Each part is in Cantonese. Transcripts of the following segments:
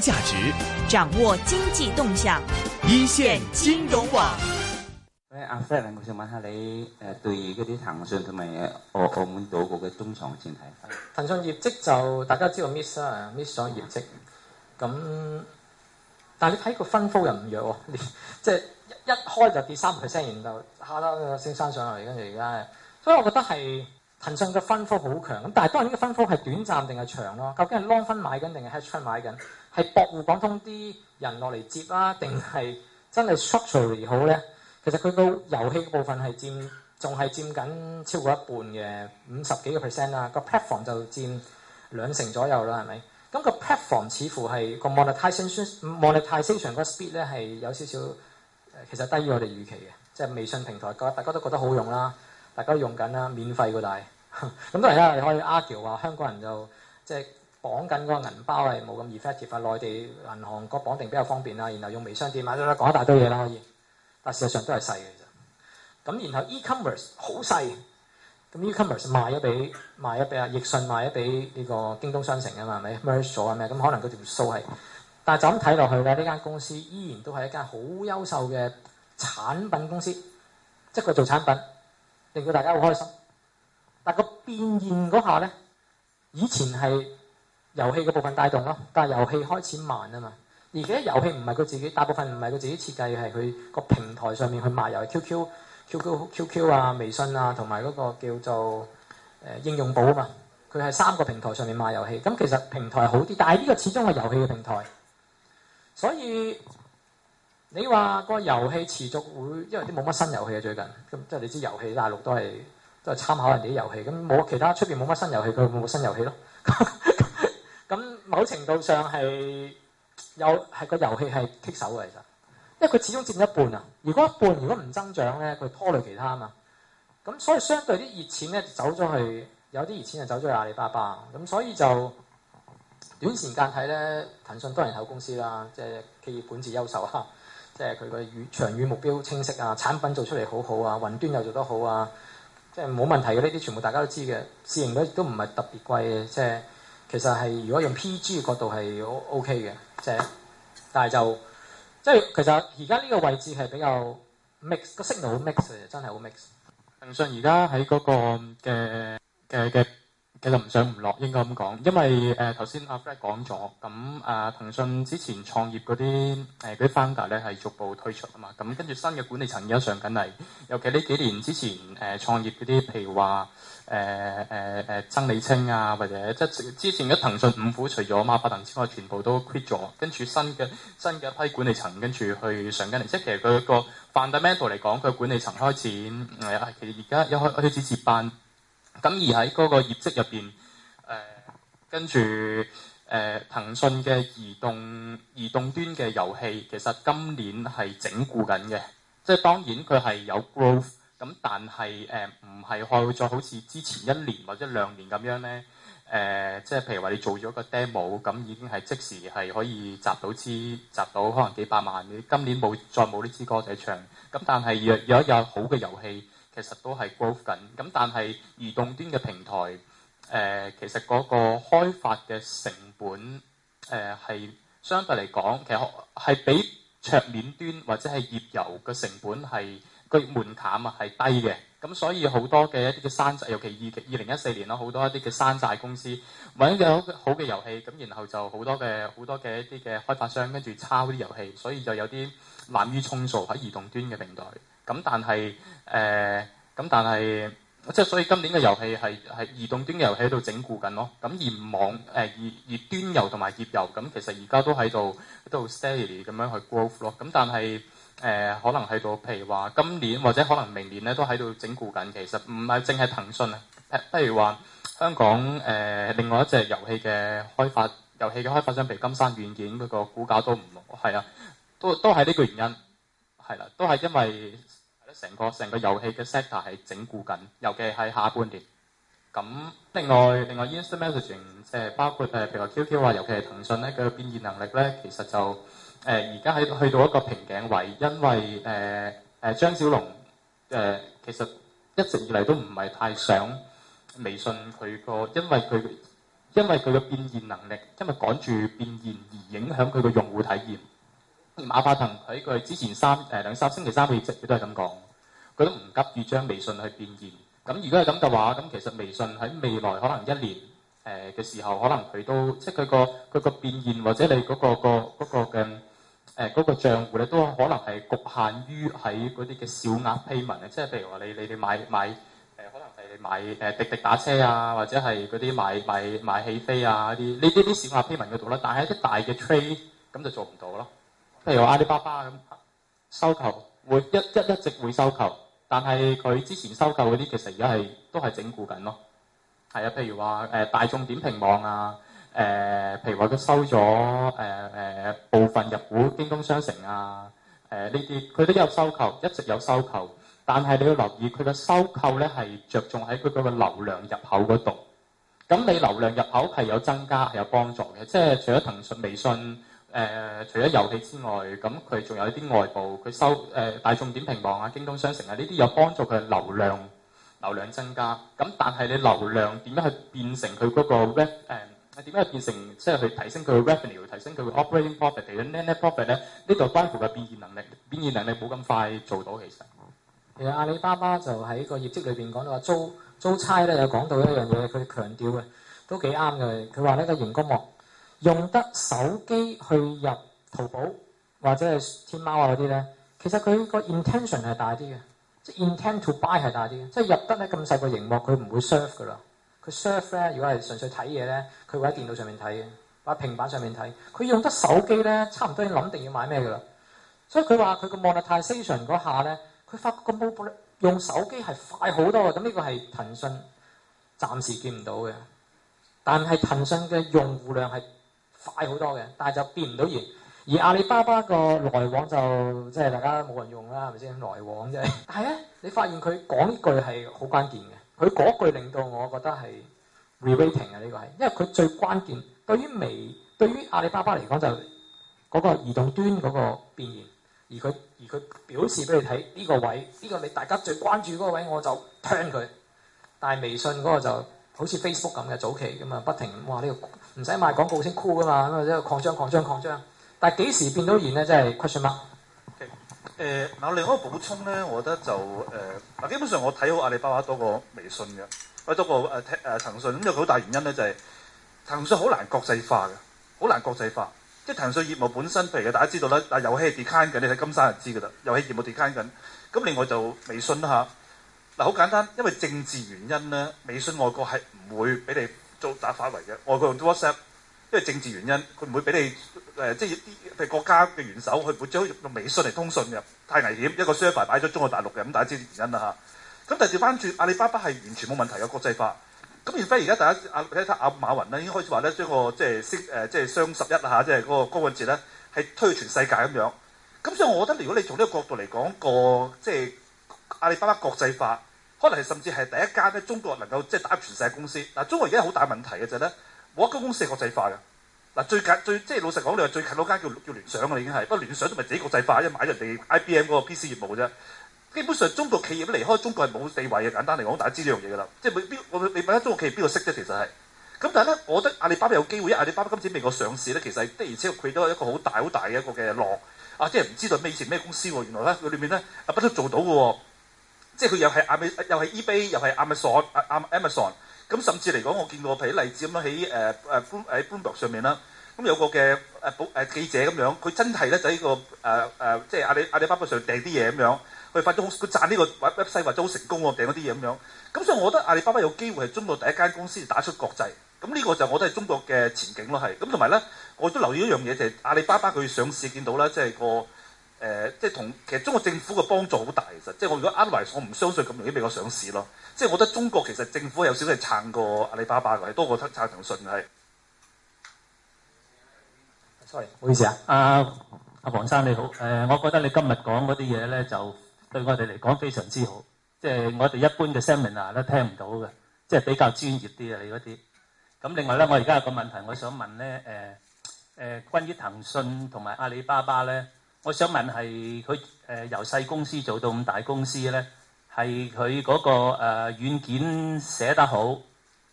價值掌握經濟動向，一線金融網。阿我想問下你，誒，對嗰啲騰訊同埋澳澳門賭嘅中場戰係？騰訊業績就大家知道 miss 啊，miss 咗、嗯、業績。咁、嗯、但係你睇個分幅又唔弱喎、啊，即係、就是、一,一開就跌三 percent，然後下啦先升上嚟，跟住而家。所以我覺得係騰訊嘅分幅好強。咁但係當然呢個分幅係短暫定係長咯、啊？究竟係 long 分買緊定係 hedge 買緊？你博滬港通啲人落嚟接啦，定係真係 structurally 好咧？其實佢個遊戲部分係佔仲係佔緊超過一半嘅五十幾個 percent 啦，啊這個 platform 就佔兩成左右啦，係咪？咁、嗯這個 platform 似乎係、這個 monetization monetisation 個 speed 咧係有少少其實低於我哋預期嘅，即係微信平台個大家都覺得好用啦，大家都用緊啦，免費嗰啲。咁當然啦，你可以 argue、er, 話香港人就即係。綁緊個銀包係冇咁 effective 啊！內地銀行個綁定比較方便啦，然後用微商店啊，等等講一大堆嘢啦，可以，但事實上都係細嘅啫。咁然後 e-commerce 好細，咁 e-commerce 賣咗俾賣咗俾阿易訊，賣咗俾呢個京東商城啊嘛，係咪 merge 咗啊咩？咁可能佢條數係，但就咁睇落去咧，呢間公司依然都係一間好優秀嘅產品公司，即係佢做產品令到大家好開心。但個變現嗰下咧，以前係。遊戲嘅部分帶動咯，但係遊戲開始慢啊嘛。而且遊戲唔係佢自己，大部分唔係佢自己設計，係佢個平台上面去賣遊戲。Q Q、Q Q、Q Q 啊，微信啊，同埋嗰個叫做誒、呃、應用寶啊嘛。佢係三個平台上面賣遊戲。咁、嗯、其實平台好啲，但係呢個始終係遊戲嘅平台，所以你話個遊戲持續會，因為啲冇乜新遊戲啊。最近咁即係你知，遊戲大陸都係都係參考人哋啲遊戲咁，冇其他出面冇乜新遊戲，佢會冇新遊戲咯。 咁某程度上係有係個遊戲係棘手嘅其實，因為佢始終佔一半啊。如果一半如果唔增長咧，佢拖累其他啊嘛。咁所以相對啲熱錢咧走咗去，有啲熱錢就走咗去阿里巴巴。咁所以就短時間睇咧，騰訊多人係公司啦，即係企業管治優秀啊，即係佢個遠長遠目標清晰啊，產品做出嚟好好啊，雲端又做得好啊，即係冇問題嘅呢啲全部大家都知嘅，市盈率都唔係特別貴嘅，即係。其實係，如果用 PG 角度係 O K 嘅，即係，但係就即係其實而家呢個位置係比較 mix 個息能好 mix，其真係好 mix。騰訊而家喺嗰個嘅嘅嘅。呃呃呃其實唔上唔落，應該咁講，因為誒頭先阿 Fred 講咗，咁、呃、啊騰訊之前創業嗰啲誒啲、呃、founder 咧係逐步退出啊嘛，咁跟住新嘅管理層而家上緊嚟，尤其呢幾年之前誒創、呃、業嗰啲，譬如話誒誒誒曾理清啊，或者即之前嘅騰訊五虎，除咗馬化騰之外，全部都 quit 咗，跟住新嘅新嘅一批管理層跟住去上緊嚟，即其實佢個 fundamental 嚟講，佢管理層開始誒、呃，其實而家一開開始接班。咁而喺嗰個業績入邊，誒、呃、跟住誒騰訊嘅移動移動端嘅遊戲，其實今年係整固緊嘅。即係當然佢係有 growth，咁但係誒唔係會再好似之前一年或者兩年咁樣咧。誒、呃、即係譬如話你做咗個 demo，咁已經係即時係可以集到支集到可能幾百萬。你今年冇再冇呢支歌仔唱，咁但係若有一日好嘅遊戲。其實都係 growth 緊，咁但係移動端嘅平台，誒其實嗰個開發嘅成本，誒係相對嚟講，其實係比桌面端或者係頁遊嘅成本係個門檻啊係低嘅。咁所以好多嘅一啲嘅山寨，尤其二二零一四年咯，好多一啲嘅山寨公司揾到好嘅遊戲，咁然後就好多嘅好多嘅一啲嘅開發商跟住抄啲遊戲，所以就有啲濫竽充數喺移動端嘅平台。咁但係誒，咁但係即係所以今年嘅遊戲係係移動端嘅遊戲喺度整固緊咯。咁而網誒而而端遊同埋頁遊咁，其實而家都喺度喺度 steady 咁樣去 growth 咯。咁但係誒，可能喺度譬如話今年或者可能明年咧都喺度整固緊。其實唔係淨係騰訊啊，譬如話香港誒另外一隻遊戲嘅開發遊戲嘅開發商，譬如金山軟件佢個股價都唔係啊，都都係呢個原因係啦，都係因為。成個成個遊戲嘅 sector 係整固緊，尤其係下半年。咁另外另外 Instant Messaging 即係包括誒譬如話 QQ 啊，尤其係騰訊咧佢嘅變現能力咧，其實就誒而家喺去到一個瓶頸位，因為誒誒張小龍誒、呃、其實一直以嚟都唔係太想微信佢個，因為佢因為佢嘅變現能力，因為趕住變現而影響佢嘅用戶體驗。馬化騰喺佢之前三誒兩三星期三嘅節目都係咁講。佢都唔急於將微信去變現，咁如果係咁嘅話，咁其實微信喺未來可能一年誒嘅時候，可能佢都即係佢個佢個變現，或者你嗰個個嗰個嘅誒嗰個賬戶咧，都可能係侷限於喺嗰啲嘅小額 payment 嘅，即係譬如話你你哋買買誒可能係買誒滴滴打車啊，或者係嗰啲買買買飛啊嗰啲呢呢啲小額 payment 嗰度啦，但係一啲大嘅 trade 咁就做唔到咯。譬如阿里巴巴咁收購，會一一一直會收購。但係佢之前收購嗰啲，其實而家係都係整固緊咯。係啊，譬如話誒、呃、大眾點評網啊，誒、呃、譬如話佢收咗誒誒部分入股京東商城啊，誒呢啲佢都有收購，一直有收購。但係你要留意佢嘅收購咧，係着重喺佢嗰個流量入口嗰度。咁你流量入口係有增加，係有幫助嘅。即係除咗騰訊、微信。誒，除咗遊戲之外，咁佢仲有啲外部，佢收誒大眾點評網啊、京東商城啊，呢啲有幫助佢流量流量增加。咁但係你流量點樣去變成佢嗰個 rev 誒點樣去變成即係去提升佢嘅 revenue，提升佢嘅 operating profit，提升 net profit 咧？呢度關乎嘅變現能力，變現能力冇咁快做到其實。其實阿里巴巴就喺個業績裏邊講到話，租租差咧有講到一樣嘢，佢強調嘅都幾啱嘅。佢話呢個營業額。用得手機去入淘寶或者係天貓啊嗰啲咧，其實佢個 intention 係大啲嘅，即係 intend to buy 係大啲嘅，即係入得咧咁細個螢幕，佢唔會 surf 噶啦，佢 surf 咧如果係純粹睇嘢咧，佢會喺電腦上面睇嘅，或者平板上面睇。佢用得手機咧，差唔多要諗定要買咩噶啦。所以佢話佢個 monetization 嗰下咧，佢發覺個 mobile 用手機係快好多嘅，咁呢個係騰訊暫時見唔到嘅，但係騰訊嘅用戶量係。快好多嘅，但係就變唔到現。而阿里巴巴個來往就即係大家冇人用啦，係咪先來往啫？但係咧，你發現佢講呢句係好關鍵嘅，佢嗰句令到我覺得係 re-rating 啊，呢、這個係因為佢最關鍵，對於微對於阿里巴巴嚟講就嗰、是那個移動端嗰個變現，而佢而佢表示俾你睇呢、這個位呢、這個你大家最關注嗰個位，我就聽佢，但係微信嗰個就。好似 Facebook 咁嘅早期咁啊，不停話呢、呢個唔使賣廣告先 cool 噶嘛，咁啊即係擴張擴張擴張，但係幾時變到現咧？Mm hmm. 真係 question mark、okay. 呃。誒，嗱另外一個補充咧，我覺得就誒，嗱、呃、基本上我睇好阿里巴巴多過微信嘅，誒多過誒騰訊咁有好大原因咧、就是，就係騰訊好難國際化嘅，好難國際化，即係騰訊業務本身，譬如大家知道啦，遊戲係 d e c a 跌緊嘅，你睇金山就知㗎啦，遊戲業務跌緊緊，咁另外就微信啦嚇。好簡單，因為政治原因咧，微信外國係唔會俾你做打發圍嘅。外國用 WhatsApp，因為政治原因，佢唔會俾你誒、呃，即係啲譬如國家嘅元首，佢唔會將用微信嚟通訊嘅，太危險。一個 server 擺咗中國大陸嘅，咁大家知原因啦嚇。咁第調翻轉阿里巴巴係完全冇問題嘅國際化。咁然後而家大家阿睇下阿馬雲咧，已經開始話咧，將、那個即係誒即係雙十一啊，即係嗰、啊那個光棍節咧，係推全世界咁樣。咁所以我覺得，如果你從呢個角度嚟講個即係阿里巴巴，巴國際化。可能係甚至係第一間咧、啊，中國能夠即係打入全世界公司。嗱，中國而家好大問題嘅就係咧，冇一個公司係國際化嘅。嗱、啊，最近最即係老實講，你話最近嗰間叫叫聯想嘅已經係，不過聯想都唔係自己國際化，因為買人哋 IBM 嗰個 PC 業務嘅啫。基本上中國企業都離開中國係冇地位嘅。簡單嚟講，大家知呢樣嘢㗎啦。即係邊？我你問下中國企業邊個識啫？其實係咁，但係咧，我覺得阿里巴巴有機會。阿里巴巴今次美國上市咧，其實的而且確佢都係一個好大好大嘅一個嘅落。啊，即係唔知道咩以前咩公司喎？原來咧佢裏面咧啊，不都做到嘅喎。即係佢又係阿美，又係 eBay，又係亞美鎖，亞亞 Amazon。咁甚至嚟講，我見過譬如例子咁樣喺誒誒喺 Bloomberg 上面啦。咁有個嘅誒保誒記者咁樣，佢真係咧就喺個誒誒即係阿里阿里巴巴上訂啲嘢咁樣，佢發咗好佢賺呢個 website 話都好成功喎，訂嗰啲嘢咁樣。咁所以我覺得阿里巴巴有機會係中國第一間公司打出國際。咁呢個就我都係中國嘅前景咯，係。咁同埋咧，我都留意一樣嘢就係阿里巴巴佢上市見到啦，即係個。誒，即係同其實中國政府嘅幫助好大，其實即係我如果安慰，我唔相信咁容易畀我上市咯。即係我覺得中國其實政府有少少撐過阿里巴巴嘅，多過撐騰訊係。sorry，唔好意思啊，阿阿黃生你好。誒，我覺得你今日講嗰啲嘢咧，就對我哋嚟講非常之好。即係我哋一般嘅 seminar 咧聽唔到嘅，即係比較專業啲啊。你嗰啲。咁另外咧，我而家有個問題我想問咧，誒誒，關於騰訊同埋阿里巴巴咧。我想問係佢誒由細公司做到咁大公司咧，係佢嗰個誒軟件寫得好，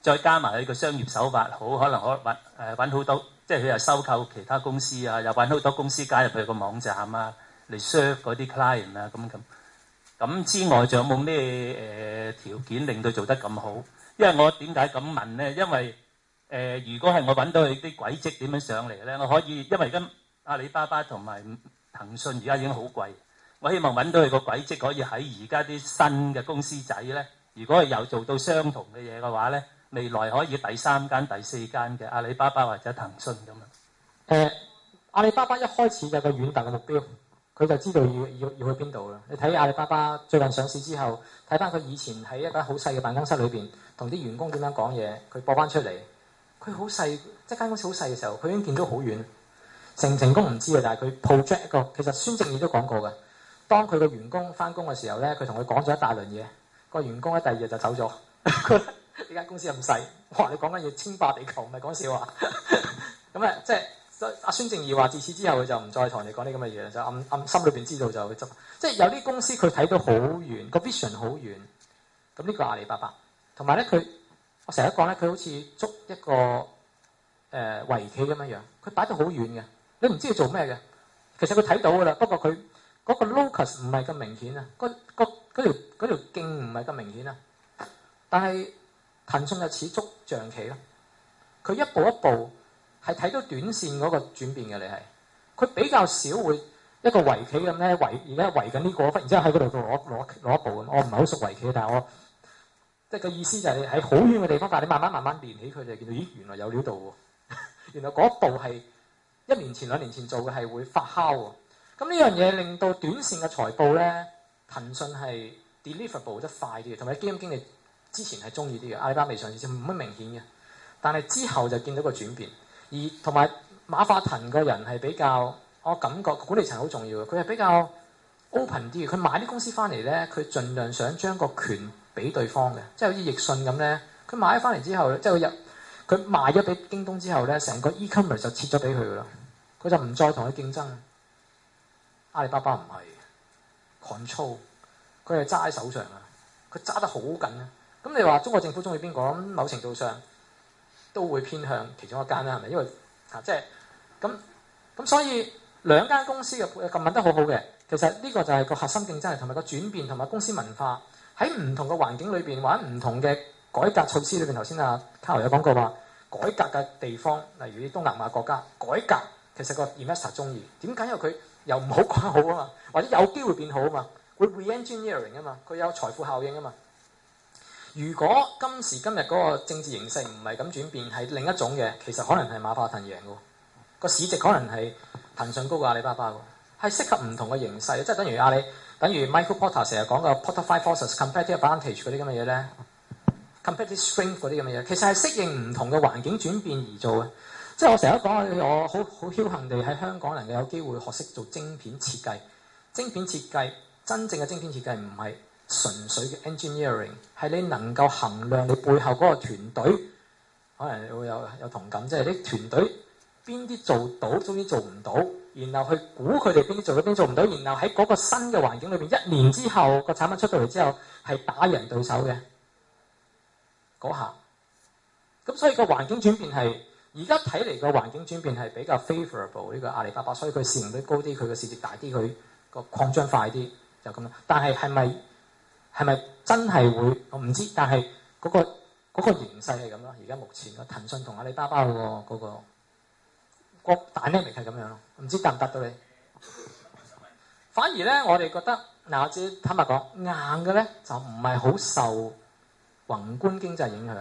再加埋佢個商業手法好，可能可揾誒揾好多，即係佢又收購其他公司啊，又揾好多公司加入佢個網站啊，嚟 serve 嗰啲 client 啊咁咁，咁之外仲有冇咩誒條件令到做得咁好？因為我點解咁問咧？因為誒如果係我揾到佢啲軌跡點樣上嚟咧，我可以因為而家阿里巴巴同埋。騰訊而家已經好貴，我希望揾到佢個軌跡可以喺而家啲新嘅公司仔咧，如果係又做到相同嘅嘢嘅話咧，未來可以第三間、第四間嘅阿里巴巴或者騰訊咁啊。誒、欸，阿里巴巴一開始有個遠大嘅目標，佢就知道要要要去邊度啦。你睇阿里巴巴最近上市之後，睇翻佢以前喺一間好細嘅辦公室裏邊同啲員工點樣講嘢，佢播翻出嚟，佢好細，即係間公司好細嘅時候，佢已經見到好遠。成唔成功唔知啊，但係佢 project 一個。其實孫正義都講過嘅，當佢個員工翻工嘅時候咧，佢同佢講咗一大輪嘢。個員工咧第二日就走咗。呢 間公司又唔細，哇！你講緊要稱霸地球，唔係講笑啊？咁咧即係阿孫正義話，自此之後佢就唔再同你講呢咁嘅嘢，就暗暗心裏邊知道就執。即係有啲公司佢睇到好遠，個 vision 好遠。咁呢個阿里巴巴，同埋咧佢，我成日講咧，佢好似捉一個誒圍棋咁樣樣，佢擺得好遠嘅。你唔知佢做咩嘅，其實佢睇到噶啦，不過佢嗰個 locus 唔係咁明顯啊，嗰嗰嗰條徑唔係咁明顯啊。但係騰訊就似捉象棋咯，佢一步一步係睇到短線嗰個轉變嘅，你係佢比較少會一個圍棋咁咧圍而家圍緊呢個，忽然之後喺嗰度攞攞攞一步，我唔係好熟圍棋，但係我即係個意思就係你喺好遠嘅地方，但係你慢慢慢慢練起佢就見到，咦，原來有料到喎，原來嗰一步係。一年前兩年前做嘅係會發酵喎，咁呢樣嘢令到短線嘅財報咧，騰訊係 deliverable 得快啲，同埋基金經理之前係中意啲嘅，阿里巴巴未上市先冇乜明顯嘅，但係之後就見到個轉變，而同埋馬化騰個人係比較，我感覺管理層好重要嘅，佢係比較 open 啲嘅，佢買啲公司翻嚟咧，佢盡量想將個權俾對方嘅，即係好似易信咁咧，佢買咗翻嚟之後，即係佢入佢賣咗俾京東之後咧，成個 e-commerce 就切咗俾佢噶啦。佢就唔再同佢競爭。阿里巴巴唔係 control，佢係揸喺手上啊！佢揸得好緊啊！咁你話中國政府中意邊個？咁某程度上都會偏向其中一間啦，係咪？因為嚇，即係咁咁，咁、所以兩間公司嘅配合問得好好嘅。其實呢個就係個核心競爭，同埋個轉變，同埋公司文化喺唔同嘅環境裏邊或者唔同嘅改革措施裏邊。頭先阿卡由有講過話改革嘅地方，例如東南亞國家改革。其實個 investor 鍾意，點解？因為佢又唔好講好啊嘛，或者有機會變好啊嘛，會 reengineering 啊嘛，佢有財富效應啊嘛。如果今時今日嗰個政治形勢唔係咁轉變，係另一種嘅，其實可能係馬化騰贏噶。個市值可能係騰訊高過阿里巴巴噶，係適合唔同嘅形勢，即係等於阿里，等於 Michael Porter 成日講個 Porter Five Forces、Competitive Advantage 嗰啲咁嘅嘢咧，Competitive Strength 嗰啲咁嘅嘢，其實係適應唔同嘅環境轉變而做嘅。即係我成日都講啊！我好好僥倖地喺香港能夠有機會學識做晶片設計。晶片設計，真正嘅晶片設計唔係純粹嘅 engineering，係你能夠衡量你背後嗰個團隊。可能會有有同感，即係你團隊邊啲做到，終於做唔到，然後去估佢哋邊啲做到，邊做唔到，然後喺嗰個新嘅環境裏邊，一年之後個產品出到嚟之後係打贏對手嘅嗰下。咁所以個環境轉變係。而家睇嚟個環境轉變係比較 favorable 呢個阿里巴巴，所以佢市盈率高啲，佢個市值大啲，佢個擴張快啲就咁咯。但係係咪，係咪真係會，我唔知？但係嗰個嗰個形勢係咁咯。而家目前個騰訊同阿里巴巴個嗰個個大勢係咁樣咯。唔知答唔答到你？反而咧，我哋覺得嗱，我知坦白講硬嘅咧就唔係好受宏觀經濟影響，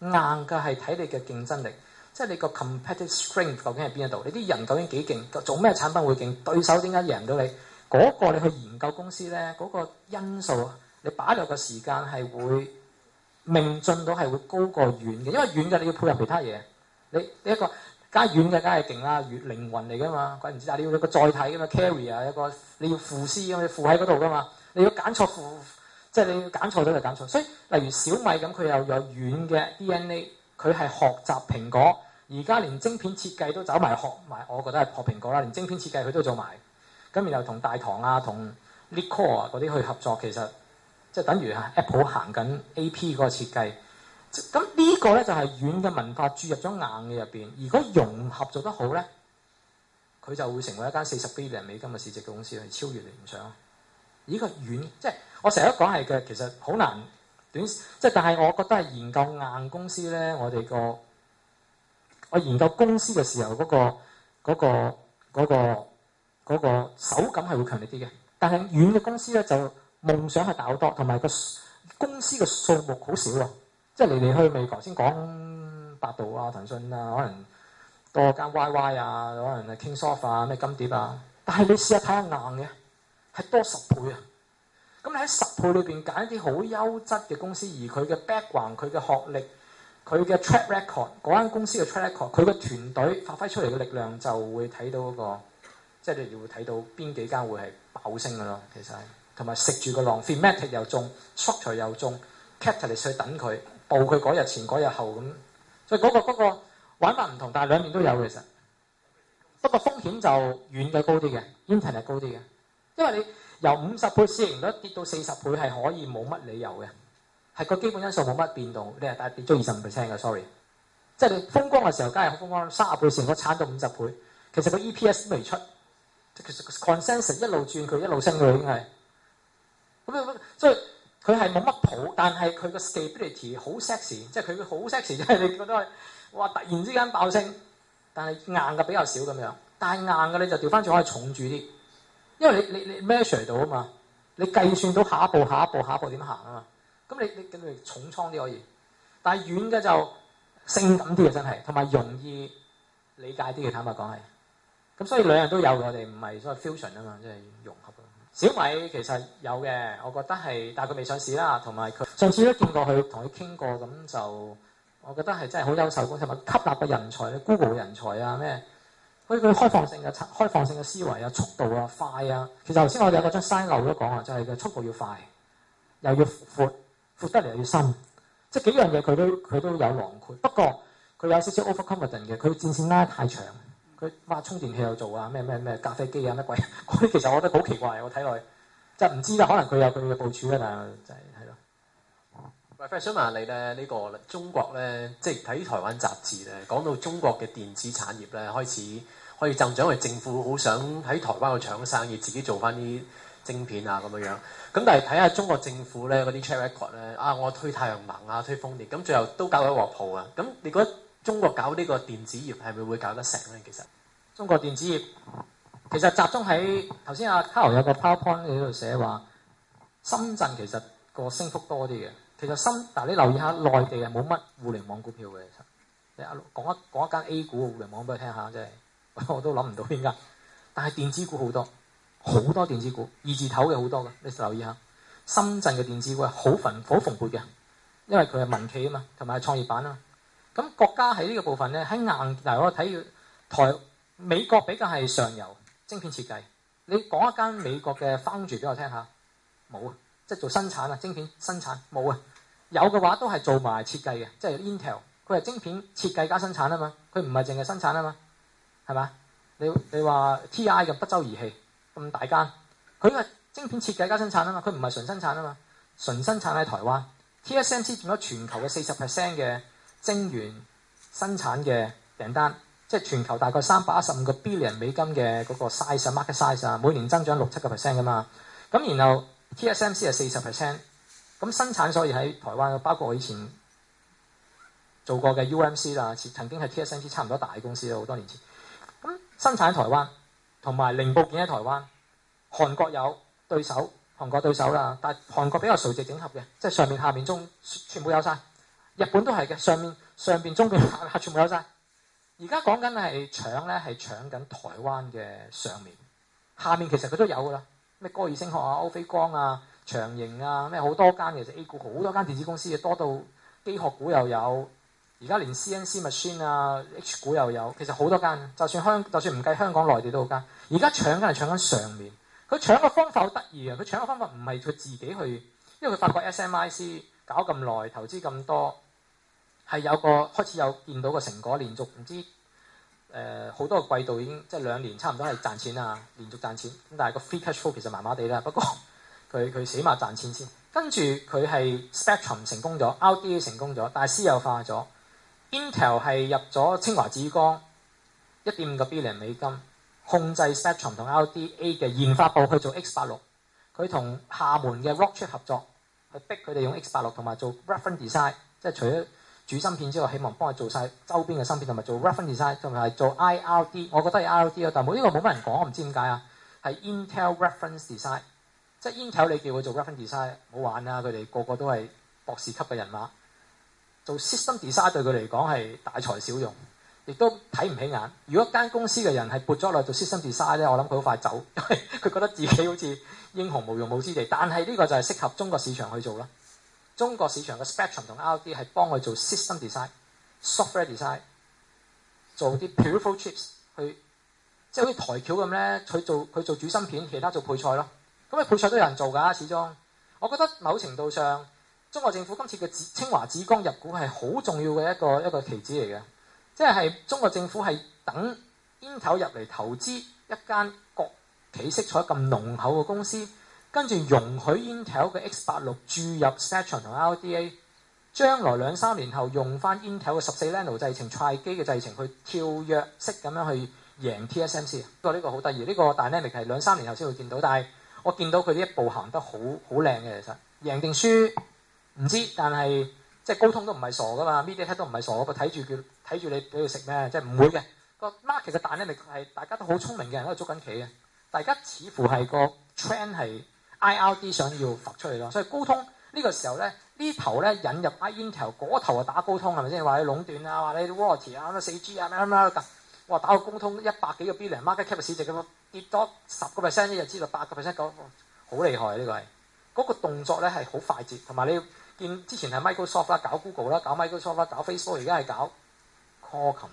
硬嘅係睇你嘅競爭力。即係你個 competitive strength 究竟係邊一度？你啲人究竟幾勁？做咩產品會勁？對手點解贏唔到你？嗰、那個你去研究公司咧，嗰、那個因素，你把量嘅時間係會命中到係會高過軟嘅，因為軟嘅你要配合其他嘢。你你一個加軟嘅梗係勁啦，越靈魂嚟㗎嘛，鬼唔知。但你要有個載體㗎嘛，carry 啊一個，rier，一個你要賦詩咁，附喺嗰度㗎嘛。你要揀錯賦，即係、就是、你要揀錯咗就揀錯。所以例如小米咁，佢又有軟嘅 DNA。佢係學習蘋果，而家連晶片設計都走埋學埋，我覺得係學蘋果啦。連晶片設計佢都做埋，咁然後同大堂啊、同 Recall 嗰啲去合作，其實即係、就是、等於係 Apple 行緊 AP 嗰個設計。咁呢個咧就係、是、軟嘅文化注入咗硬嘅入邊。如果融合做得好咧，佢就會成為一間四十 Billion 美金嘅市值嘅公司，係超越聯想。呢、這個軟，即、就、係、是、我成日都講係嘅，其實好難。短即係，但係我覺得係研究硬公司咧，我哋個我研究公司嘅時候，嗰個嗰個嗰個嗰個手感係會強烈啲嘅。但係軟嘅公司咧，就夢想係大好多，同埋個公司嘅數目好少啊！即係嚟嚟去去，未頭先講百度啊、騰訊啊，可能多間 YY 啊，可能係 Kingsoft 啊、咩金碟啊。但係你試下睇下硬嘅係多十倍啊！咁你喺十鋪裏邊揀一啲好優質嘅公司，而佢嘅 background、佢嘅學歷、佢嘅 track record，嗰間公司嘅 track record，佢嘅團隊發揮出嚟嘅力量，就會睇到嗰個，即係你會睇到邊幾間會係爆升嘅咯。其實，同埋食住個浪，technical 又中，short 又中，catalyst 去等佢，報佢嗰日前嗰日後咁。所以嗰個嗰個玩法唔同，但係兩面都有其實。不過風險就遠嘅高啲嘅，potential 高啲嘅，因為你。由五十倍市盈率跌到四十倍係可以冇乜理由嘅，係個基本因素冇乜變動，你係大跌咗二十五 percent 嘅。Sorry，即係你風光嘅時候，梗係好風光，三十倍市盈率炒到五十倍，其實個、e、EPS 都未出，即其實 consensus 一路轉佢一,一路升佢已經係咁啊！所以佢係冇乜譜，但係佢個 stability 好 sexy，即係佢好 sexy，即係你覺得係嘩，突然之間爆升，但係硬嘅比較少咁樣，但係硬嘅你就調翻轉可以重住啲。因為你你你 measure 到啊嘛，你計算到下一步下一步下一步點行啊嘛，咁你你咁咪重倉啲可以，但係遠嘅就性感啲嘅真係，同埋容易理解啲嘅坦白講係，咁所以兩樣都有嘅，我哋唔係所謂 fusion 啊嘛，即係融合。小米其實有嘅，我覺得係，但係佢未上市啦，同埋佢上次都見過佢，同佢傾過，咁就我覺得係真係好優秀，同埋吸納嘅人才，Google 嘅人才啊咩？所以佢開放性嘅策，開放性嘅思維啊，速度啊快啊，其實頭先我哋有張 slide 都講啊，就係、是、佢速度要快，又要闊，闊得嚟又要深，即係幾樣嘢佢都佢都有囊括。不過佢有少少 overcommitting 嘅，佢戰線拉得太長。佢賣充電器又做啊，咩咩咩咖啡機啊乜鬼？嗰 啲其實我覺得好奇怪，我睇落去，就唔、是、知啦，可能佢有佢嘅部署啦，但是就係、是。我係想問下你咧，呢個中國咧，即係睇台灣雜誌咧，講到中國嘅電子產業咧，開始可以增長，為政府好想喺台灣度搶生意，自己做翻啲晶片啊咁樣。咁但係睇下中國政府咧嗰啲 check record 咧，啊我推太陽能啊，推風電，咁最後都搞咗一鑊泡啊。咁你覺得中國搞呢個電子業係咪會搞得成咧？其實中國電子業其實集中喺頭先 Carol 有個 PowerPoint 喺度寫話，深圳其實個升幅多啲嘅。其實深，嗱你留意下內地啊，冇乜互聯網股票嘅，講一講一間 A 股嘅互聯網俾我聽下，真係我，我都諗唔到邊間。但係電子股好多，好多電子股二字頭嘅好多嘅，你留意下深圳嘅電子股係好焚火蓬勃嘅，因為佢係民企啊嘛，同埋係創業板啊嘛。咁國家喺呢個部分咧，喺硬嗱我睇台美國比較係上游晶片設計，你講一間美國嘅 foundry 俾我聽下，冇啊。即係做生產啊，晶片生產冇啊，有嘅話都係做埋設計嘅，即係 Intel，佢係晶片設計加生產啊嘛，佢唔係淨係生產啊嘛，係嘛？你你話 TI 嘅德州儀器咁大間，佢係晶片設計加生產啊嘛，佢唔係純生產啊嘛，純生產喺台灣，TSMC 佔咗全球嘅四十 percent 嘅晶圓生產嘅訂單，即係全球大概三百一十五個 billion 美金嘅嗰個 size market size 啊，每年增長六七個 percent 噶嘛，咁然後。TSMC 係四十 percent，咁生產所以喺台灣，包括我以前做過嘅 UMC 啦，曾經係 TSMC 差唔多大公司啦，好多年前。咁生產喺台灣，同埋零部件喺台灣。韓國有對手，韓國對手啦，但係韓國比較垂直整合嘅，即係上面、下面、中全部有晒，日本都係嘅，上面、上邊、中邊、下全部有晒。而家講緊係搶咧，係搶緊台灣嘅上面，下面其實佢都有噶啦。咩歌爾聲學啊、歐菲光啊、長盈啊，咩好多間嘅其實 A 股好多間電子公司，多到機殼股又有，而家連 CNC machine 啊、H 股又有，其實好多間。就算香，就算唔計香港內地都好間。而家搶緊係搶緊上面，佢搶嘅方法好得意啊！佢搶嘅方法唔係佢自己去，因為佢發覺 SMIC 搞咁耐，投資咁多，係有個開始有見到個成果，連續唔知。誒好、呃、多個季度已經即係兩年差唔多係賺錢啊，連續賺錢。咁但係個 free cash flow 其實麻麻地啦，不過佢佢起碼賺錢先。跟住佢係 Spectrum 成功咗 RDA 成功咗，但係私有化咗。 Intel 係入咗清華紫光，一點五個 billion 美金控制 Spectrum 同 RDA 嘅研發部去做 x 八六，佢同廈門嘅 Rockchip 合作，係逼佢哋用 x 八六同埋做 reference design，即係除咗。主芯片之後，希望幫佢做晒周邊嘅芯片，同埋做 reference design，同埋做 IRD，我覺得係 IRD 咯，但冇呢個冇乜人講，我唔知點解啊。係 Intel reference design，即係 Intel 你叫佢做 reference design，唔好玩啊。佢哋個個都係博士級嘅人馬，做 system design 對佢嚟講係大材小用，亦都睇唔起眼。如果間公司嘅人係撥咗落嚟做 system design 咧，我諗佢好快走，因為佢覺得自己好似英雄無用武之地。但係呢個就係適合中國市場去做啦。中國市場嘅 Spectrum 同 R&D 係幫佢做 system design、software design，做啲 beautiful chips 去，即係好似台橋咁咧，佢做佢做主芯片，其他做配菜咯。咁啊，配菜都有人做㗎，始終。我覺得某程度上，中國政府今次嘅清華紫光入股係好重要嘅一個一個棋子嚟嘅，即係係中國政府係等 Intel 入嚟投資一間國企色彩咁濃厚嘅公司。跟住容許 Intel 嘅 X 八六注入 Saturn 同 LDA，將來兩三年後用翻 Intel 嘅十四 nano 製程 tri-gate 嘅製程去跳躍式咁樣去贏 TSMC。不過呢個好得意，呢、這個大 Dynamic 係兩三年後先會見到。但係我見到佢呢一步行得好好靚嘅，其實贏定輸唔知。但係即係高通都唔係傻噶嘛，MediaTek 都唔係傻，佢睇住佢睇住你俾佢食咩，即係唔會嘅、這個 market 嘅大 Dynamic 係大家都好聰明嘅人，喺度捉緊棋嘅。大家似乎係個 trend 係。i l d 想要發出嚟咯，所以高通呢個時候咧呢頭咧引入 Intel，嗰頭就打高通係咪先？話你壟斷啊，話你 Water 啊、四 G 啊咩咁啦，我打個高通一百幾個 Billion Market Cap 嘅市值咁跌咗十個 percent 一日知道，百個 percent 九，好厲害呢個係嗰個動作咧係好快捷，同埋你要見之前係 Microsoft 啦，搞 Google 啦，搞 Microsoft 啦，搞 Facebook，而家係搞 Qualcomm。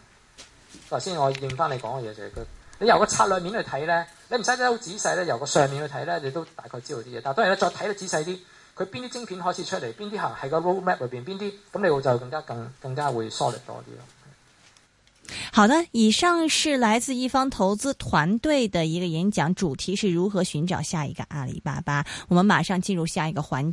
嗱，先我認翻你講嘅嘢就係你由個策略面去睇咧，你唔使得好仔細咧，由個上面去睇咧，你都大概知道啲嘢。但係當然咧，再睇得仔細啲，佢邊啲晶片開始出嚟，邊啲嚇喺個 road map 裏邊，邊啲咁，你就更加更更加會鋭多啲咯。好啦，以上是來自易方投資團隊嘅一個演講，主題是如何尋找下一個阿里巴巴。我們馬上進入下一個環。